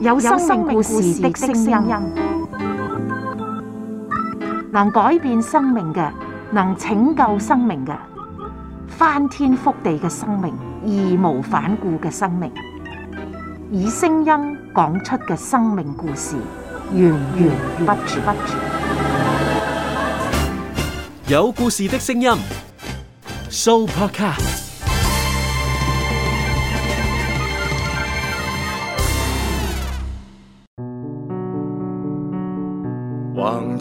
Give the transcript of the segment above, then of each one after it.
有生命故事的聲音，能改變生命嘅，能拯救生命嘅，翻天覆地嘅生命，義無反顧嘅生命，以聲音講出嘅生命故事，源源不絕。有故事的聲音，Soul Podcast。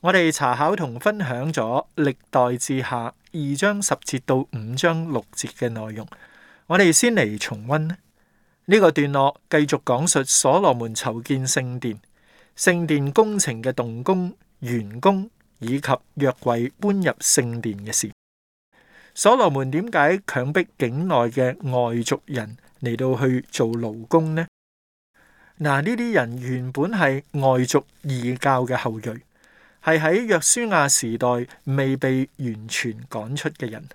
我哋查考同分享咗歷代志下二章十節到五章六節嘅內容，我哋先嚟重溫呢、這個段落，繼續講述所羅門籌建聖殿、聖殿工程嘅動工、完工以及約櫃搬入聖殿嘅事。所羅門點解強迫境內嘅外族人嚟到去做勞工呢？嗱，呢啲人原本係外族異教嘅後裔。係喺約書亞時代未被完全趕出嘅人。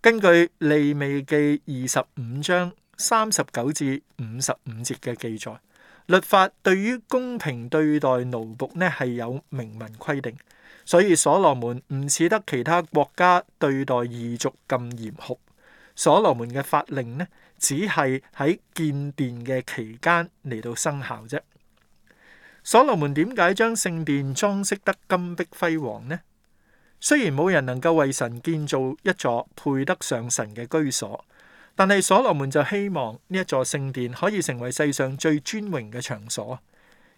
根據利未記二十五章三十九至五十五節嘅記載，律法對於公平對待奴僕呢係有明文規定，所以所羅門唔似得其他國家對待異族咁嚴酷。所羅門嘅法令呢，只係喺建殿嘅期間嚟到生效啫。所羅門點解將聖殿裝飾得金碧輝煌呢？雖然冇人能夠為神建造一座配得上神嘅居所，但係所羅門就希望呢一座聖殿可以成為世上最尊榮嘅場所。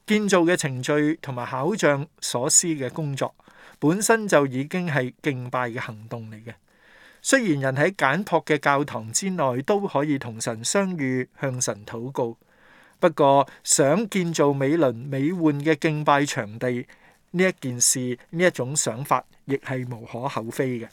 建造嘅程序同埋巧匠所施嘅工作，本身就已經係敬拜嘅行動嚟嘅。雖然人喺簡樸嘅教堂之內都可以同神相遇，向神禱告。不過，想建造美輪美奐嘅敬拜場地呢一件事，呢一種想法，亦係無可厚非嘅。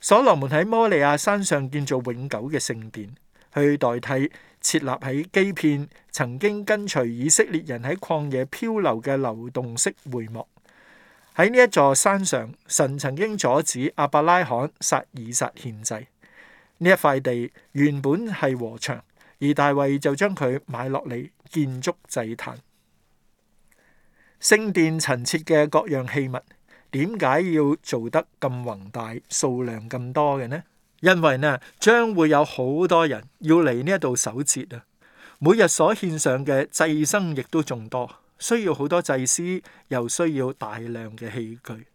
所羅門喺摩利亞山上建造永久嘅聖殿，去代替設立喺基遍曾經跟隨以色列人喺曠野漂流嘅流動式會幕。喺呢一座山上，神曾經阻止亞伯拉罕、撒以撒獻祭。呢一塊地原本係禾場。而大衛就將佢買落嚟，建築祭壇、聖殿陳設嘅各樣器物，點解要做得咁宏大，數量咁多嘅呢？因為呢，將會有好多人要嚟呢一度守節啊，每日所獻上嘅祭牲亦都眾多，需要好多祭司，又需要大量嘅器具。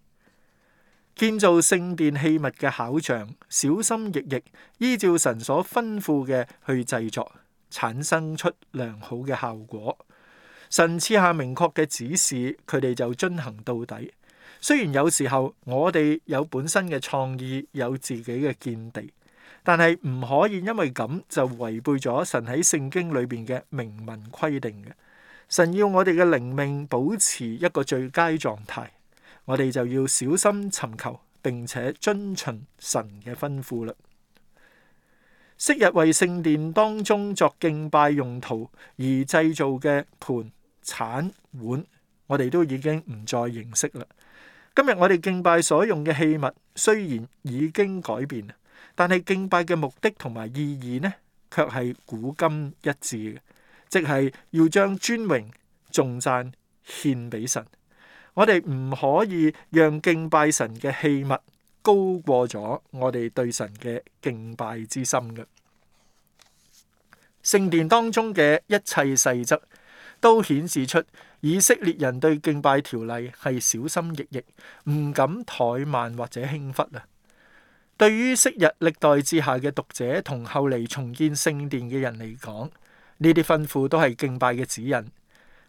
建造聖殿器物嘅巧匠，小心翼翼，依照神所吩咐嘅去製作，產生出良好嘅效果。神賜下明確嘅指示，佢哋就遵行到底。雖然有時候我哋有本身嘅創意，有自己嘅見地，但係唔可以因為咁就違背咗神喺聖經裏邊嘅明文規定嘅。神要我哋嘅靈命保持一個最佳狀態。我哋就要小心尋求，並且遵從神嘅吩咐啦。昔日為聖殿當中作敬拜用途而製造嘅盤、鏟、碗，我哋都已經唔再認識啦。今日我哋敬拜所用嘅器物雖然已經改變，但係敬拜嘅目的同埋意義呢，卻係古今一致嘅，即係要將尊榮、重讚獻俾神。我哋唔可以讓敬拜神嘅器物高過咗我哋對神嘅敬拜之心嘅。聖殿當中嘅一切細則，都顯示出以色列人對敬拜條例係小心翼翼，唔敢怠慢或者輕忽啊。對於昔日歷代志下嘅讀者同後嚟重建聖殿嘅人嚟講，呢啲吩咐都係敬拜嘅指引。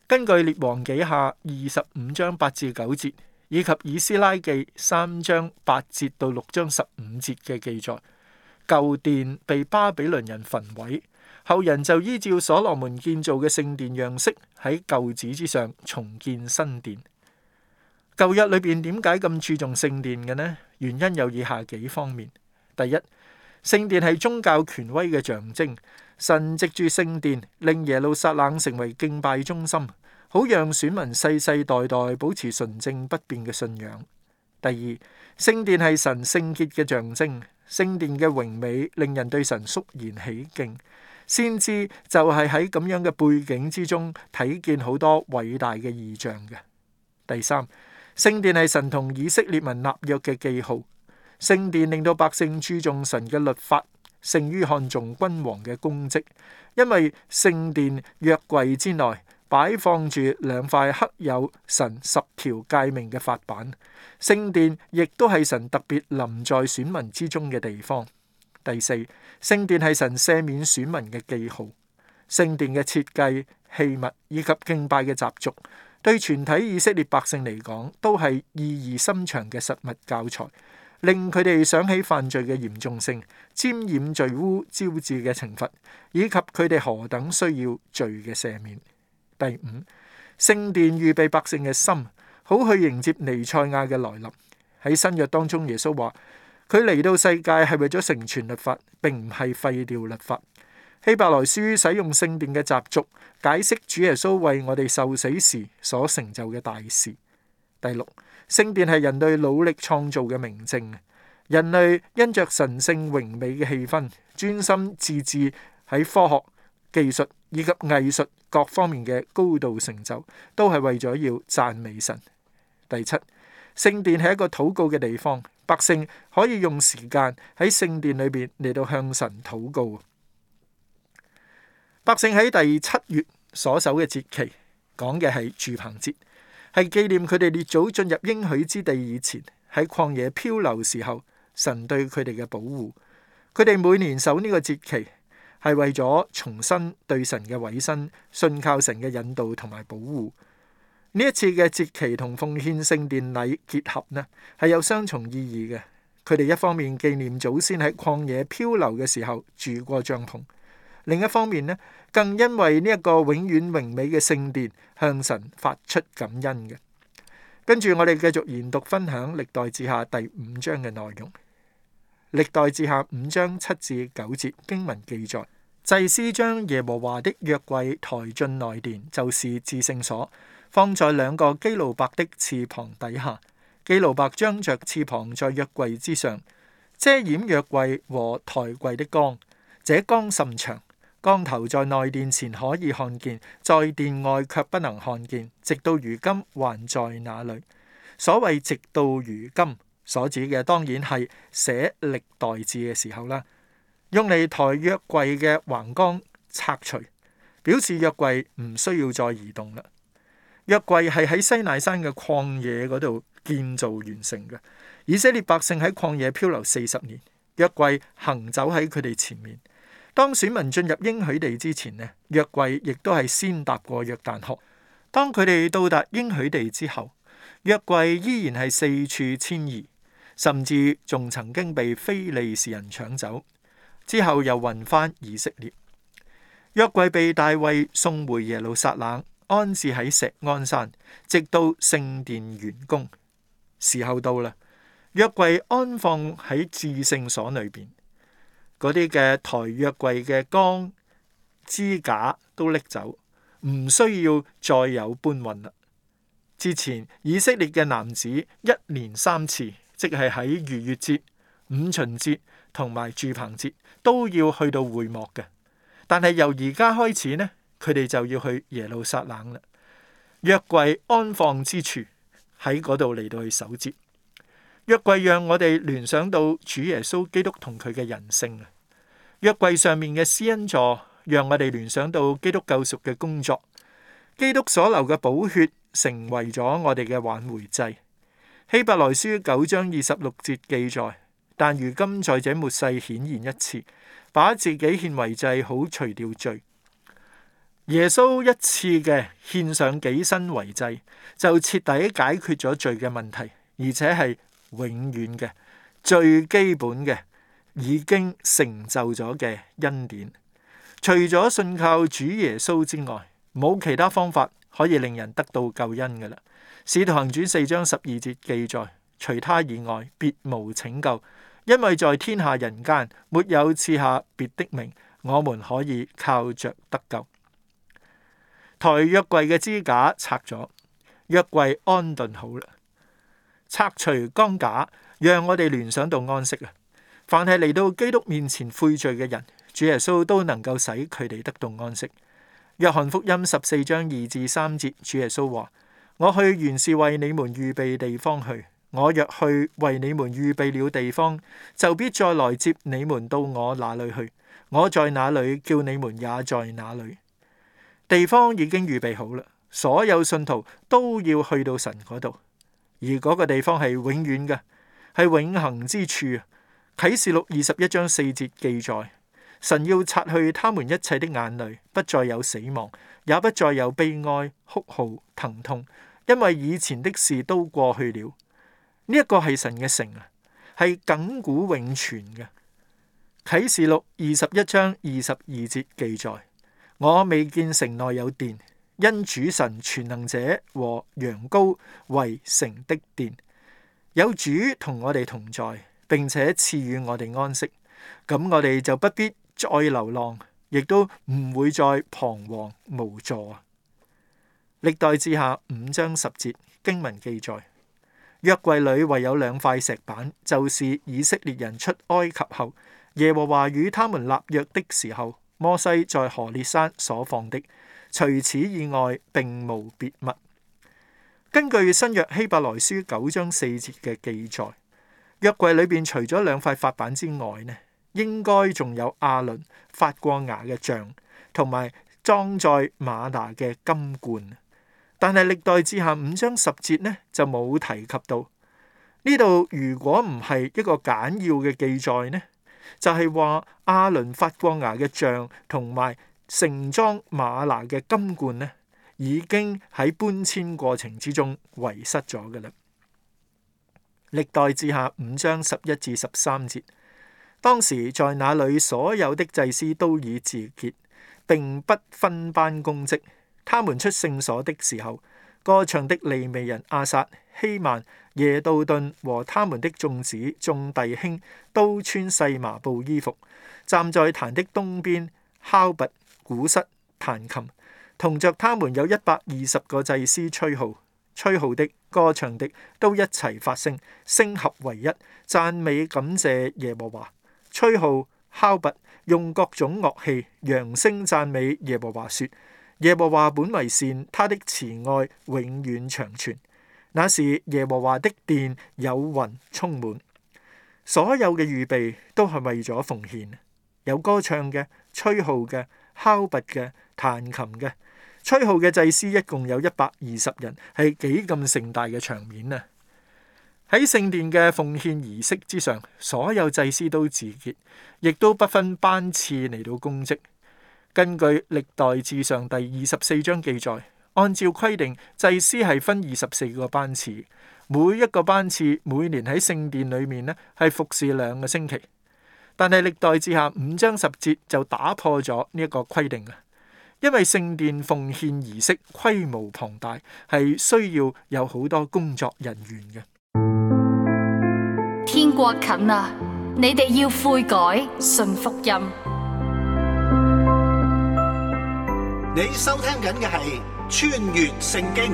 根據《列王紀下》二十五章八至九節，以及《以斯拉記》三章八節到六章十五節嘅記載，舊殿被巴比倫人焚毀，後人就依照所羅門建造嘅聖殿樣式喺舊址之上重建新殿。舊日裏邊點解咁注重聖殿嘅呢？原因有以下幾方面：第一，聖殿係宗教權威嘅象徵。神植住聖殿，令耶路撒冷成為敬拜中心，好讓選民世世代代保持純正不變嘅信仰。第二，聖殿係神聖潔嘅象徵，聖殿嘅榮美令人對神肅然起敬，先知就係喺咁樣嘅背景之中睇見好多偉大嘅意象嘅。第三，聖殿係神同以色列民立約嘅記號，聖殿令到百姓注重神嘅律法，勝於看重君王嘅功績，因為聖殿約櫃之內擺放住兩塊刻有神十條誡命嘅法板。聖殿亦都係神特別臨在選民之中嘅地方。第四，聖殿係神赦免選民嘅記號。聖殿嘅設計、器物以及敬拜嘅習俗，對全體以色列百姓嚟講，都係意義深長嘅實物教材。令佢哋想起犯罪嘅嚴重性、沾染罪污招致嘅懲罰，以及佢哋何等需要罪嘅赦免。第五，聖殿預備百姓嘅心，好去迎接彌賽亞嘅來臨。喺新約當中，耶穌話佢嚟到世界係為咗成全律法，並唔係廢掉律法。希伯來書使用聖殿嘅習俗，解釋主耶穌為我哋受死時所成就嘅大事。第六，聖殿係人類努力創造嘅明證，人類因着神聖榮美嘅氣氛，專心致志喺科學、技術以及藝術各方面嘅高度成就，都係為咗要讚美神。第七，聖殿係一個禱告嘅地方，百姓可以用時間喺聖殿裏邊嚟到向神禱告。百姓喺第七月所守嘅節期，講嘅係住棚節。係紀念佢哋列祖進入應許之地以前喺曠野漂流時候，神對佢哋嘅保護。佢哋每年守呢個節期，係為咗重新對神嘅委身，信靠神嘅引導同埋保護。呢一次嘅節期同奉獻聖殿禮結合呢，係有雙重意義嘅。佢哋一方面紀念祖先喺曠野漂流嘅時候住過帳篷。另一方面呢，更因為呢一個永遠榮美嘅聖殿，向神發出感恩嘅。跟住我哋繼續研讀分享歷《歷代志下》第五章嘅內容，《歷代志下》五章七至九節經文記載：祭司將耶和華的約櫃抬進內殿，就是至聖所，放在兩個基魯伯的翅膀底下。基魯伯張着翅膀在約櫃之上，遮掩約櫃和抬櫃的光。這光甚長。光頭在內殿前可以看見，在殿外卻不能看見。直到如今還在那裏。所謂直到如今所指嘅，當然係寫歷代志嘅時候啦。用嚟抬約櫃嘅橫杆拆除，表示約櫃唔需要再移動啦。約櫃係喺西奈山嘅曠野嗰度建造完成嘅。以色列百姓喺曠野漂流四十年，約櫃行走喺佢哋前面。當選民進入應許地之前呢，約櫃亦都係先搭過約旦河。當佢哋到達應許地之後，約櫃依然係四處遷移，甚至仲曾經被非利士人搶走，之後又運翻以色列。約櫃被大衛送回耶路撒冷，安置喺錫安山，直到聖殿完工。時候到啦，約櫃安放喺至聖所裏面。嗰啲嘅台約櫃嘅鋼支架都拎走，唔需要再有搬運啦。之前以色列嘅男子一年三次，即係喺逾越節、五旬節同埋住棚節都要去到會幕嘅，但係由而家開始呢佢哋就要去耶路撒冷啦，約櫃安放之處喺嗰度嚟到去守節。約櫃讓我哋聯想到主耶穌基督同佢嘅人性啊。約櫃上面嘅施恩座，讓我哋聯想到基督救贖嘅工作。基督所留嘅寶血，成為咗我哋嘅挽回祭。希伯來書九章二十六節記載：但如今在這末世顯現一次，把自己獻為祭，好除掉罪。耶穌一次嘅獻上己身為祭，就徹底解決咗罪嘅問題，而且係。永遠嘅最基本嘅已經成就咗嘅恩典，除咗信靠主耶穌之外，冇其他方法可以令人得到救恩㗎喇。使徒行傳四章十二節記載：「除他以外，別無拯救，因為在天下人間沒有賜下別的名，我們可以靠着得救。」抬約櫃嘅支架拆咗，約櫃安頓好啦。拆除鋼架，讓我哋聯想到安息啊！凡係嚟到基督面前悔罪嘅人，主耶穌都能夠使佢哋得到安息。約翰福音十四章二至三節，主耶穌話：「我去原是為你們預備地方去，我若去為你們預備了地方，就必再來接你們到我那裏去。我在那裏，叫你們也在那裏。地方已經預備好啦，所有信徒都要去到神嗰度。而嗰個地方係永遠嘅，係永恒之處啊！啟示錄二十一章四節記載：神要擦去他們一切的眼淚，不再有死亡，也不再有悲哀、哭號、疼痛，因為以前的事都過去了。呢、這、一個係神嘅城啊，係亘古永存嘅。啟示錄二十一章二十二節記載：我未見城內有殿。因主神全能者和羊羔為成的殿，有主同我哋同在，並且賜予我哋安息，咁我哋就不必再流浪，亦都唔會再彷徨無助啊！歷代志下五章十節經文記載，約櫃裏唯有兩塊石板，就是以色列人出埃及後，耶和華與他們立約的時候，摩西在何烈山所放的。除此以外，並無別物。根據新約希伯來書九章四節嘅記載，約櫃裏邊除咗兩塊法版之外呢，呢應該仲有亞倫法光牙嘅杖同埋裝載馬拿嘅金罐。但係歷代志下五章十節呢就冇提及到呢度。如果唔係一個簡要嘅記載呢，就係話亞倫法光牙嘅杖同埋。.盛裝嗎哪嘅金罐呢，已經喺搬遷過程之中遺失咗㗎喇。歷代志下五章十一至十三節，當時在那裏所有的祭司都已自潔，並不分班供職。他們出聖所的時候，歌唱的利未人亞薩、希幔、耶杜頓和他們的眾子眾弟兄都穿細麻布衣服，站在壇的東邊敲鈸。鼓瑟彈琴，同着，他們有一百二十個祭司吹號，吹號的、歌唱的都一齊發聲，聲合為一，讚美感謝耶和華。吹號、敲拔，用各種樂器揚聲讚美耶和華。說：耶和華本為善，他的慈愛永遠長存。那時耶和華的殿有雲充滿，所有嘅預備都係為咗奉獻，有歌唱嘅、吹號嘅。敲拔嘅、彈琴嘅、吹號嘅祭司一共有一百二十人，係幾咁盛大嘅場面啊！喺聖殿嘅奉獻儀式之上，所有祭司都自結，亦都不分班次嚟到供職。根據《歷代志上》第二十四章記載，按照規定，祭司係分二十四個班次，每一個班次每年喺聖殿裏面咧係服侍兩個星期。但係《歷代志下》五章十節就打破咗呢一個規定啊，因為聖殿奉獻儀式規模龐大，係需要有好多工作人員嘅。天國近啊，你哋要悔改，信福音。你收聽緊嘅係《穿越聖經》。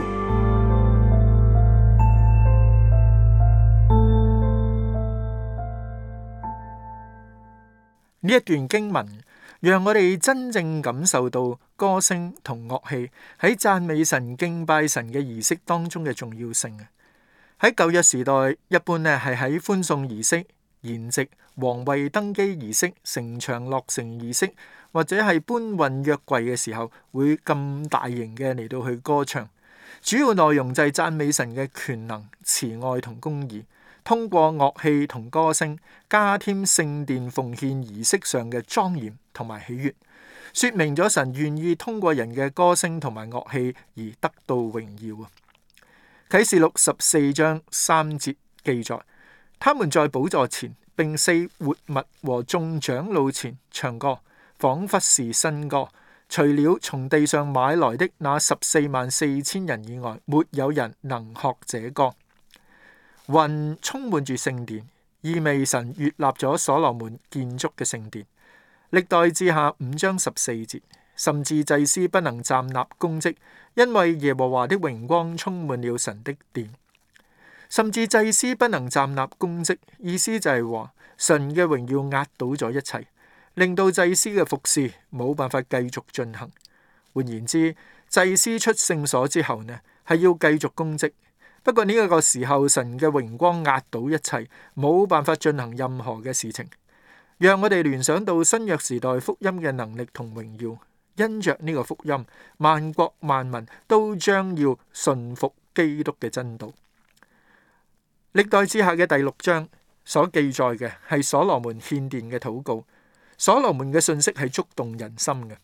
呢一段經文讓我哋真正感受到歌聲同樂器喺讚美神、敬拜神嘅儀式當中嘅重要性啊！喺舊約時代，一般咧係喺歡送儀式、筵席、皇位登基儀式、城牆落成儀式或者係搬運約櫃嘅時候，會咁大型嘅嚟到去歌唱。主要內容就係讚美神嘅權能、慈愛同公義。通過樂器同歌聲，加添聖殿奉獻儀式上嘅莊嚴同埋喜悦，說明咗神願意通過人嘅歌聲同埋樂器而得到榮耀啊！啟示錄十四章三節記載，他們在寶座前，並四活物和眾長老前唱歌，仿佛是新歌。除了從地上買來的那十四萬四千人以外，沒有人能學這歌。雲充滿住聖殿，意味神悅納咗所羅門建築嘅聖殿。歷代志下五章十四節，甚至祭司不能站立供職，因為耶和華的榮光充滿了神的殿。甚至祭司不能站立供職，意思就係話神嘅榮耀壓倒咗一切，令到祭司嘅服侍冇辦法繼續進行。換言之，祭司出聖所之後呢，係要繼續供職。不過呢個時候，神嘅榮光壓倒一切，冇辦法進行任何嘅事情，讓我哋聯想到新約時代福音嘅能力同榮耀。因着呢個福音，萬國萬民都將要信服基督嘅真道。歷代之下嘅第六章所記載嘅係所羅門獻殿嘅禱告。所羅門嘅信息係觸動人心嘅。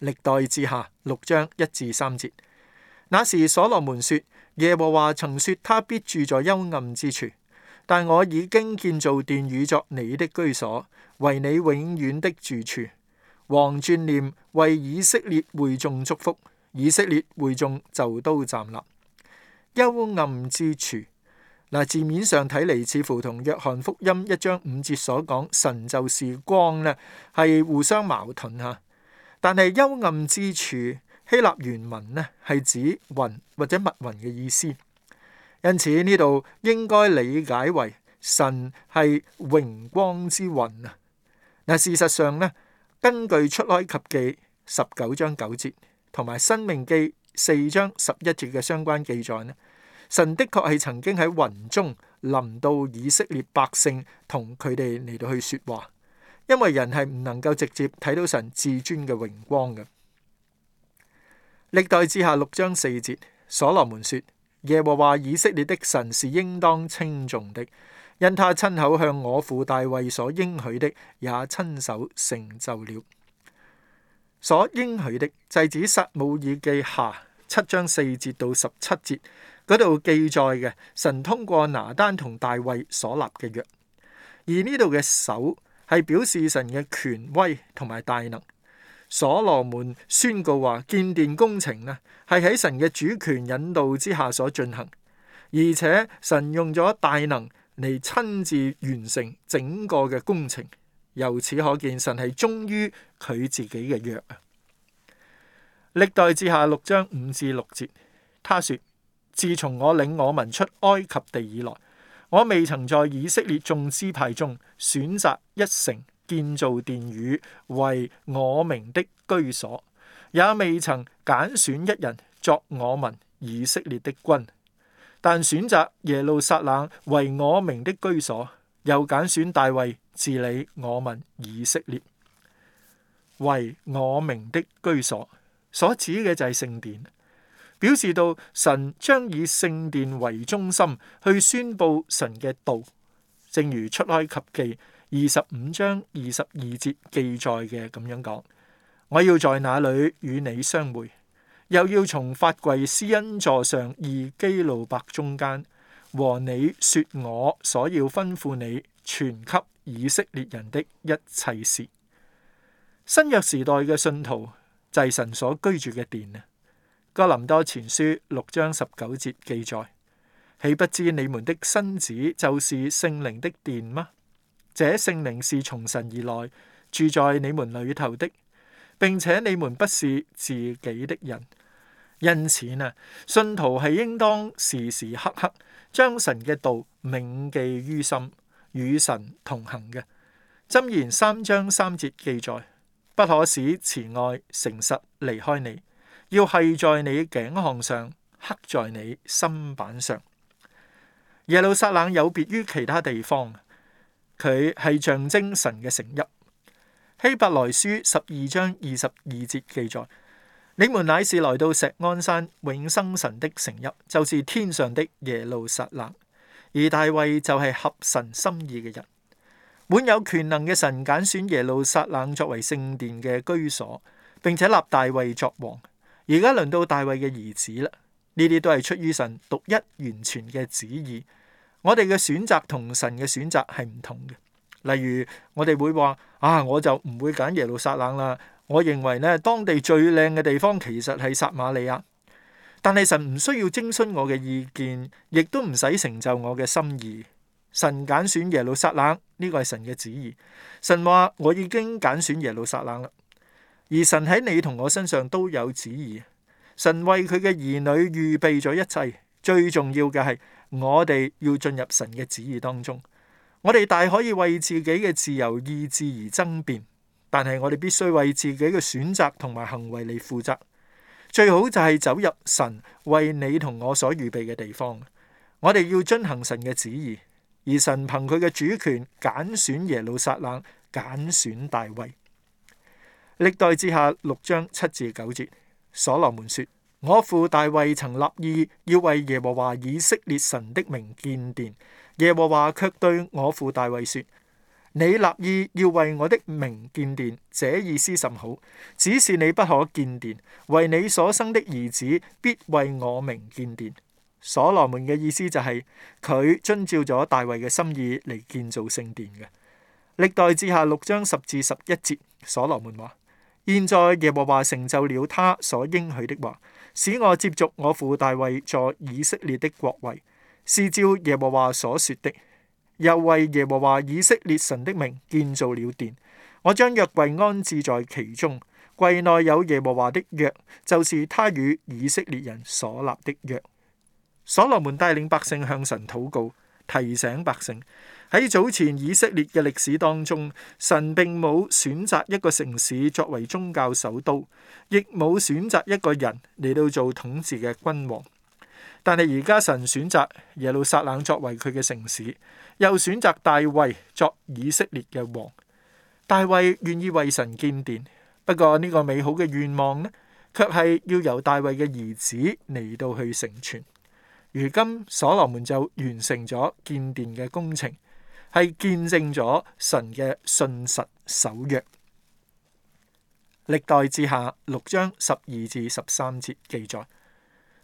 歷代之下六章一至三節，那時所羅門說。耶和華曾說，他必住在幽暗之處，但我已經建造殿宇作你的居所，為你永遠的住處。王轉念為以色列會眾祝福，以色列會眾就都站立。幽暗之處，嗱，字面上睇嚟，似乎同約翰福音一章五節所講神就是光咧，係互相矛盾吓。但係幽暗之處。希臘原文呢係指雲或者密雲嘅意思，因此呢度應該理解為神係榮光之雲啊！嗱，事實上呢，根據出埃及記十九章九節同埋申命記四章十一節嘅相關記載咧，神的確係曾經喺雲中臨到以色列百姓同佢哋嚟到去説話，因為人係唔能夠直接睇到神至尊嘅榮光嘅。歷代志下六章四節，所羅門說：耶和華以色列的神是應當稱頌的，因他親口向我父大衛所應許的，也親手成就了。所應許的，就指撒母耳記下七章四節到十七節嗰度記載嘅神通過拿單同大衛所立嘅約。而呢度嘅手係表示神嘅權威同埋大能。所羅門宣告話，建殿工程呢係喺神嘅主權引導之下所進行，而且神用咗大能嚟親自完成整個嘅工程。由此可見，神係忠於佢自己嘅約啊。歷代志下六章五至六節，他說：自從我領我民出埃及地以來，我未曾在以色列眾支派中選擇一城。」建造殿宇為我名的居所，也未曾揀選一人作我民以色列的君，但選擇耶路撒冷為我名的居所，又揀選大衛治理我民以色列，為我名的居所。所指嘅就係聖殿，表示到神將以聖殿為中心去宣布神嘅道，正如出埃及記。二十五章二十二節記載嘅咁樣講，我要在那裏與你相會，又要從法櫃施恩座上二基路伯中間和你說，我所要吩咐你傳給以色列人的一切事。新約時代嘅信徒祭、就是、神所居住嘅殿啊，哥林多前書六章十九節記載，豈不知你們的身子就是聖靈的殿嗎？這聖靈是從神而來，住在你們裏頭的，並且你們不是自己的人。因此啊，信徒係應當時時刻刻將神嘅道銘記於心，與神同行嘅。箴言三章三節記載：不可使慈愛、誠實離開你，要繫在你頸項上，刻在你心板上。耶路撒冷有別於其他地方。佢係象徵神嘅城邑。希伯來書十二章二十二節記載：你們乃是來到錫安山永生神的城邑，就是天上的耶路撒冷。而大衛就係合神心意嘅人，滿有權能嘅神揀選耶路撒冷作為聖殿嘅居所，並且立大衛作王。而家輪到大衛嘅兒子啦，呢啲都係出於神獨一完全嘅旨意。我哋嘅選擇同神嘅選擇係唔同嘅。例如我哋會話啊，我就唔會揀耶路撒冷啦。我認為呢當地最靚嘅地方其實係撒瑪利亞。但係神唔需要徵詢我嘅意見，亦都唔使成就我嘅心意。神揀選耶路撒冷，呢個係神嘅旨意。神話我已經揀選耶路撒冷啦。而神喺你同我身上都有旨意。神為佢嘅兒女預備咗一切。最重要嘅係。我哋要進入神嘅旨意當中，我哋大可以為自己嘅自由意志而爭辯，但係我哋必須為自己嘅選擇同埋行為嚟負責。最好就係走入神為你同我所預備嘅地方，我哋要遵行神嘅旨意，而神憑佢嘅主權揀選耶路撒冷，揀選大衛。歷代志下六章七至九節，所羅門說。我父大衛曾立意要為耶和華以色列神的名建殿，耶和華卻對我父大衛說：你立意要為我的名建殿，這意思甚好，只是你不可建殿，為你所生的兒子必為我名建殿。所羅門嘅意思就係、是、佢遵照咗大衛嘅心意嚟建造聖殿嘅。歷代志下六章十至十一節，所羅門話：現在耶和華成就了他所應許的話。使我接續我父大衛在以色列的國位，是照耶和華所說的，又為耶和華以色列神的名建造了殿，我將約櫃安置在其中，櫃內有耶和華的約，就是他與以色列人所立的約。所羅門帶領百姓向神禱告，提醒百姓。喺早前以色列嘅歷史當中，神並冇選擇一個城市作為宗教首都，亦冇選擇一個人嚟到做統治嘅君王。但係而家神選擇耶路撒冷作為佢嘅城市，又選擇大衛作以色列嘅王。大衛願意為神建殿，不過呢個美好嘅願望呢，卻係要由大衛嘅兒子嚟到去成全。如今所羅門就完成咗建殿嘅工程。係見證咗神嘅信實守約。歷代志下六章十二至十三節記載：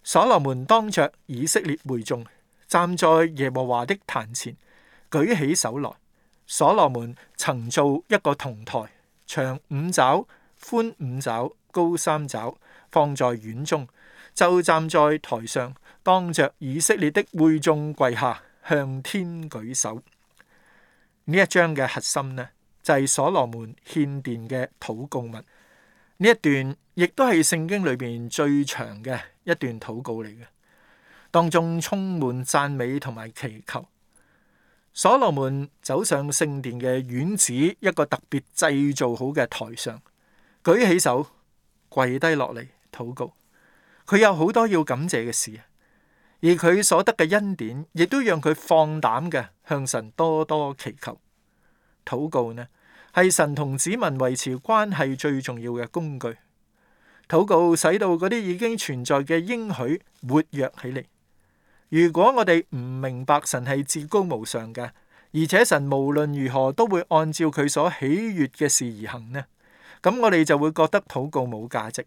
所羅門當着以色列會眾，站在耶和華的壇前，舉起手來。所羅門曾造一個銅台，長五肘，寬五肘，高三肘，放在院中，就站在台上，當着以色列的會眾跪下，向天舉手。呢一章嘅核心呢，就係、是、所羅門獻殿嘅禱告文。呢一段亦都係聖經裏邊最長嘅一段禱告嚟嘅，當中充滿讚美同埋祈求。所羅門走上聖殿嘅院子，一個特別製造好嘅台上，舉起手，跪低落嚟禱告。佢有好多要感謝嘅事，而佢所得嘅恩典，亦都讓佢放膽嘅。向神多多祈求，禱告呢，係神同子民維持關係最重要嘅工具。禱告使到嗰啲已經存在嘅應許活躍起嚟。如果我哋唔明白神係至高無上嘅，而且神無論如何都會按照佢所喜悅嘅事而行呢，咁我哋就會覺得禱告冇價值，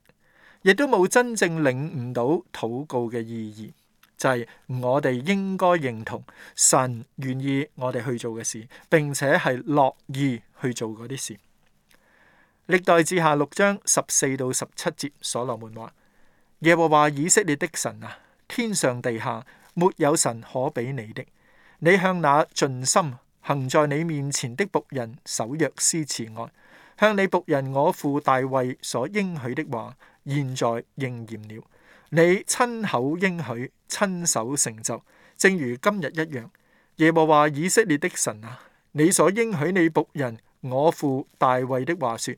亦都冇真正領悟到禱告嘅意義。就係我哋應該認同神願意我哋去做嘅事，並且係樂意去做嗰啲事。歷代志下六章十四到十七節所羅門話：耶和華以色列的神啊，天上地下沒有神可比你的。你向那盡心行在你面前的僕人守約施慈愛，向你僕人我父大衛所應許的話，現在應驗了。你親口應許，親手成就，正如今日一樣。耶和華以色列的神啊，你所應許你僕人我父大衛的話說：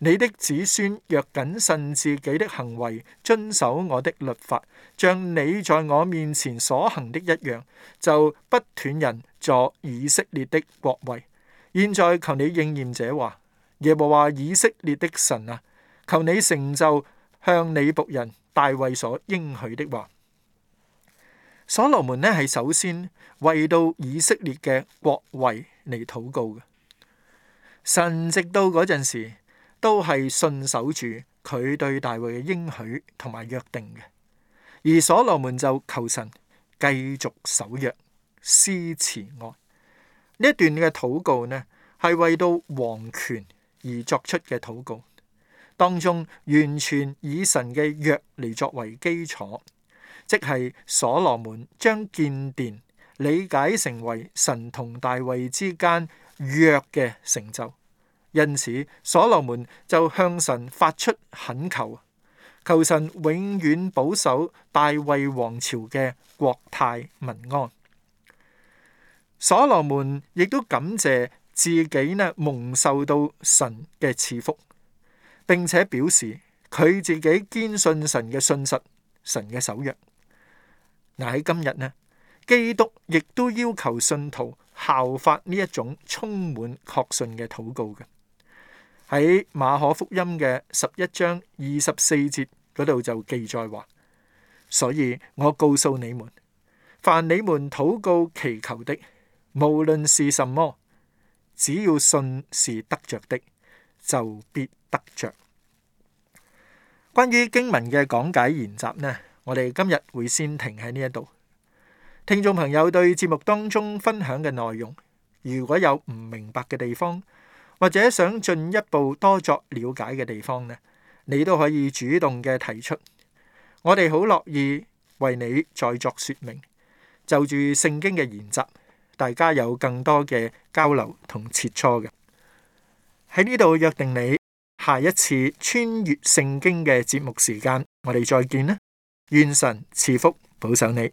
你的子孫若謹慎自己的行為，遵守我的律法，像你在我面前所行的一樣，就不斷人坐以色列的國位。現在求你應驗這話。耶和華以色列的神啊，求你成就。向你僕人大衛所應許的話，所羅門呢係首先為到以色列嘅國位嚟禱告嘅。神直到嗰陣時都係順守住佢對大衛嘅應許同埋約定嘅，而所羅門就求神繼續守約施慈愛。呢一段嘅禱告呢，係為到皇權而作出嘅禱告。當中完全以神嘅約嚟作為基礎，即係所羅門將建殿理解成為神同大衛之間約嘅成就。因此，所羅門就向神發出懇求，求神永遠保守大衛王朝嘅國泰民安。所羅門亦都感謝自己呢蒙受到神嘅賜福。並且表示佢自己堅信神嘅信實、神嘅守約。嗱，喺今日呢，基督亦都要求信徒效法呢一種充滿確信嘅禱告嘅。喺馬可福音嘅十一章二十四節嗰度就記載話所以我告訴你們，凡你們禱告祈求的，無論是什麼，只要信是得着的，就必得着。關於經文嘅講解研習呢，我哋今日會先停喺呢一度。聽眾朋友對節目當中分享嘅內容，如果有唔明白嘅地方，或者想進一步多作了解嘅地方呢，你都可以主動嘅提出。我哋好樂意為你再作説明。就住聖經嘅研習，大家有更多嘅交流同切磋嘅。喺呢度約定你下一次穿越聖經嘅節目時間，我哋再見啦！願神賜福保守你。